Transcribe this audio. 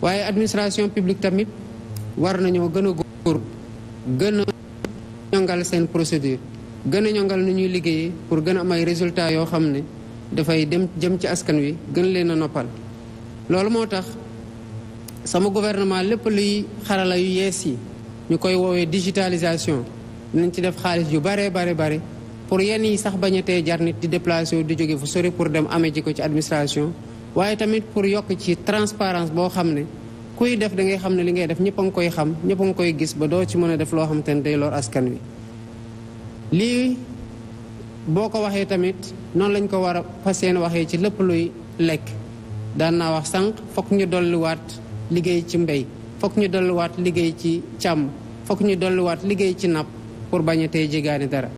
waaye administration publique tamit war nañoo gën a góor gën a ñongal seen procédure gën a ñongal nu ñuy liggéeyee pour gën a am résultats yoo xam ne dafay dem jëm ci askan wi gën leen a noppal loolu moo tax sama gouvernement lépp luy xarala yu yees yi ñu koy woowee digitalisation dinañ ci def xaalis yu bare bare bare pour yenn yi sax bañ a tee jar nit di déplacer di jóge fu sori pour dem amee ji ko ci administration waaye tamit pour yokk ci transparence boo xam ne kuy def da ngay xam ne li ngay def ñëpp a ngi koy xam ñëpp a koy gis ba doo ci mën a def loo xam te ne day lor askan wi lii boo ko waxee tamit noonu lañ ko war a fas yéene waxee ci lépp luy lekk daan naa wax sànq fokk ñu dolliwaat liggéey ci mbéy fokk ñu dolliwaat liggéey ci càmm fokk ñu dolliwaat liggéey ci napp pour bañ a tey jegaani dara